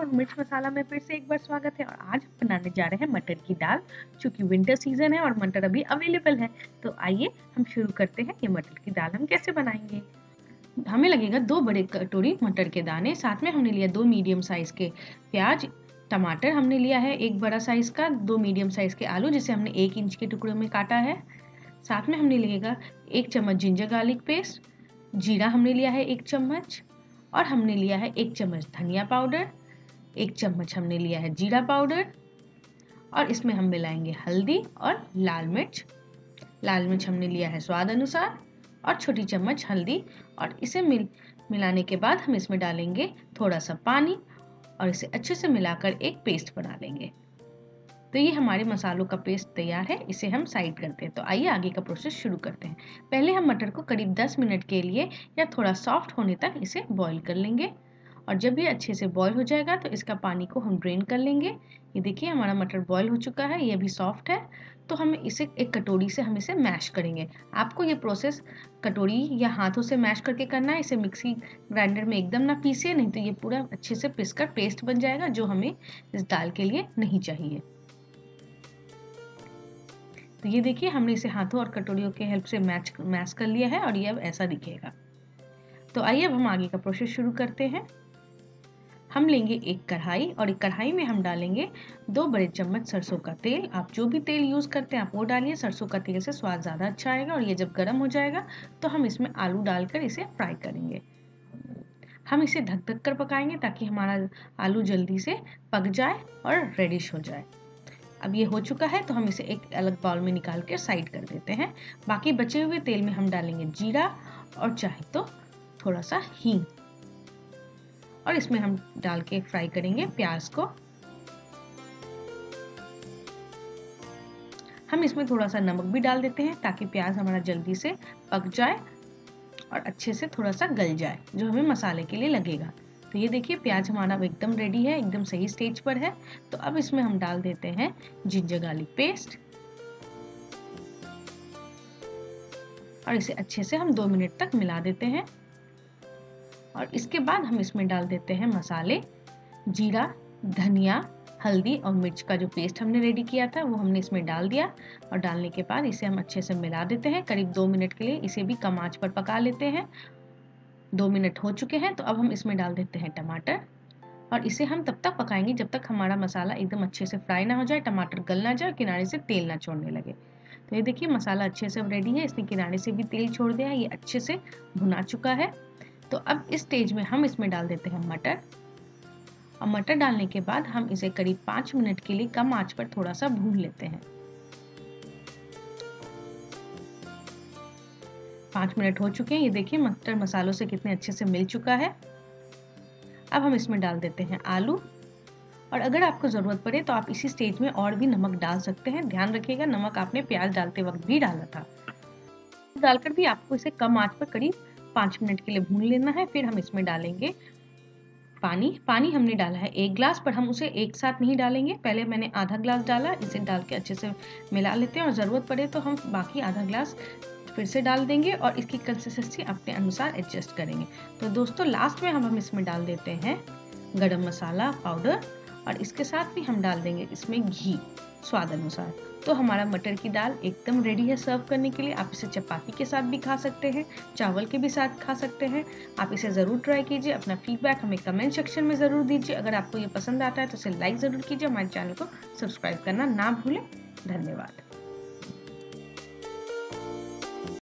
और मिर्च मसाला में फिर से एक बार स्वागत है और आज बनाने जा रहे हैं मटर की दाल चूंकि विंटर सीजन है और मटर अभी अवेलेबल है तो आइए हम शुरू करते हैं ये मटर की दाल हम कैसे बनाएंगे हमें लगेगा दो बड़े कटोरी मटर के दाने साथ में हमने लिया दो मीडियम साइज़ के प्याज टमाटर हमने लिया है एक बड़ा साइज़ का दो मीडियम साइज़ के आलू जिसे हमने एक इंच के टुकड़ों में काटा है साथ में हमने लिएगा एक चम्मच जिंजर गार्लिक पेस्ट जीरा हमने लिया है एक चम्मच और हमने लिया है एक चम्मच धनिया पाउडर एक चम्मच हमने लिया है जीरा पाउडर और इसमें हम मिलाएंगे हल्दी और लाल मिर्च लाल मिर्च हमने लिया है स्वाद अनुसार और छोटी चम्मच हल्दी और इसे मिल मिलाने के बाद हम इसमें डालेंगे थोड़ा सा पानी और इसे अच्छे से मिलाकर एक पेस्ट बना लेंगे तो ये हमारे मसालों का पेस्ट तैयार है इसे हम साइड करते हैं तो आइए आगे का प्रोसेस शुरू करते हैं पहले हम मटर को करीब 10 मिनट के लिए या थोड़ा सॉफ्ट होने तक इसे बॉईल कर लेंगे और जब ये अच्छे से बॉयल हो जाएगा तो इसका पानी को हम ड्रेन कर लेंगे ये देखिए हमारा मटर बॉयल हो चुका है ये भी सॉफ्ट है तो हम इसे एक कटोरी से हम इसे मैश करेंगे आपको ये प्रोसेस कटोरी या हाथों से मैश करके करना है इसे मिक्सी ग्राइंडर में एकदम ना पीसिए नहीं तो ये पूरा अच्छे से पिस कर पेस्ट बन जाएगा जो हमें इस दाल के लिए नहीं चाहिए तो ये देखिए हमने इसे हाथों और कटोरियों के हेल्प से मैच मैश कर लिया है और ये अब ऐसा दिखेगा तो आइए अब हम आगे का प्रोसेस शुरू करते हैं हम लेंगे एक कढ़ाई और एक कढ़ाई में हम डालेंगे दो बड़े चम्मच सरसों का तेल आप जो भी तेल यूज़ करते हैं आप वो डालिए सरसों का तेल से स्वाद ज़्यादा अच्छा आएगा और ये जब गर्म हो जाएगा तो हम इसमें आलू डालकर इसे फ्राई करेंगे हम इसे धक धक कर पकाएंगे ताकि हमारा आलू जल्दी से पक जाए और रेडिश हो जाए अब ये हो चुका है तो हम इसे एक अलग बाउल में निकाल कर साइड कर देते हैं बाकी बचे हुए तेल में हम डालेंगे जीरा और चाहे तो थोड़ा सा हींग और इसमें हम डाल के फ्राई करेंगे प्याज को हम इसमें थोड़ा सा नमक भी डाल देते हैं ताकि प्याज हमारा जल्दी से पक जाए और अच्छे से थोड़ा सा गल जाए जो हमें मसाले के लिए लगेगा तो ये देखिए प्याज हमारा एकदम रेडी है एकदम सही स्टेज पर है तो अब इसमें हम डाल देते हैं जिंजर गार्लिक पेस्ट और इसे अच्छे से हम दो मिनट तक मिला देते हैं और इसके बाद हम इसमें डाल देते हैं मसाले जीरा धनिया हल्दी और मिर्च का जो पेस्ट हमने रेडी किया था वो हमने इसमें डाल दिया और डालने के बाद इसे हम अच्छे से मिला देते हैं करीब दो मिनट के लिए इसे भी कम आँच पर पका लेते हैं दो मिनट हो चुके हैं तो अब हम इसमें डाल देते हैं टमाटर और इसे हम तब तक पकाएंगे जब तक हमारा मसाला एकदम अच्छे से फ्राई ना हो जाए टमाटर गल ना जाए किनारे से तेल ना छोड़ने लगे तो ये देखिए मसाला अच्छे से रेडी है इसने किनारे से भी तेल छोड़ दिया है ये अच्छे से भुना चुका है तो अब इस स्टेज में हम इसमें डाल देते हैं मटर और मटर डालने के बाद हम इसे करीब पाँच मिनट के लिए कम आंच पर थोड़ा सा भून लेते हैं पाँच मिनट हो चुके हैं ये देखिए मटर मसालों से कितने अच्छे से मिल चुका है अब हम इसमें डाल देते हैं आलू और अगर आपको ज़रूरत पड़े तो आप इसी स्टेज में और भी नमक डाल सकते हैं ध्यान रखिएगा नमक आपने प्याज डालते वक्त भी डाला था डालकर भी आपको इसे कम आंच पर करीब पाँच मिनट के लिए भून लेना है फिर हम इसमें डालेंगे पानी पानी हमने डाला है एक ग्लास पर हम उसे एक साथ नहीं डालेंगे पहले मैंने आधा ग्लास डाला इसे डाल के अच्छे से मिला लेते हैं और ज़रूरत पड़े तो हम बाकी आधा ग्लास फिर से डाल देंगे और इसकी कंसिस्टेंसी अपने अनुसार एडजस्ट करेंगे तो दोस्तों लास्ट में हम हम इसमें डाल देते हैं गरम मसाला पाउडर और इसके साथ भी हम डाल देंगे इसमें घी स्वाद अनुसार तो हमारा मटर की दाल एकदम रेडी है सर्व करने के लिए आप इसे चपाती के साथ भी खा सकते हैं चावल के भी साथ खा सकते हैं आप इसे ज़रूर ट्राई कीजिए अपना फीडबैक हमें कमेंट सेक्शन में ज़रूर दीजिए अगर आपको ये पसंद आता है तो इसे लाइक ज़रूर कीजिए हमारे चैनल को सब्सक्राइब करना ना भूलें धन्यवाद